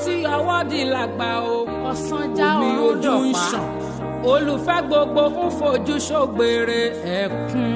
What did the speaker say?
sí di làgbà o ọ̀sánjá ọ̀rọ̀ dọ̀pá olùfẹ́ gbogbo ń fojú ṣògbèrè ẹ̀kún.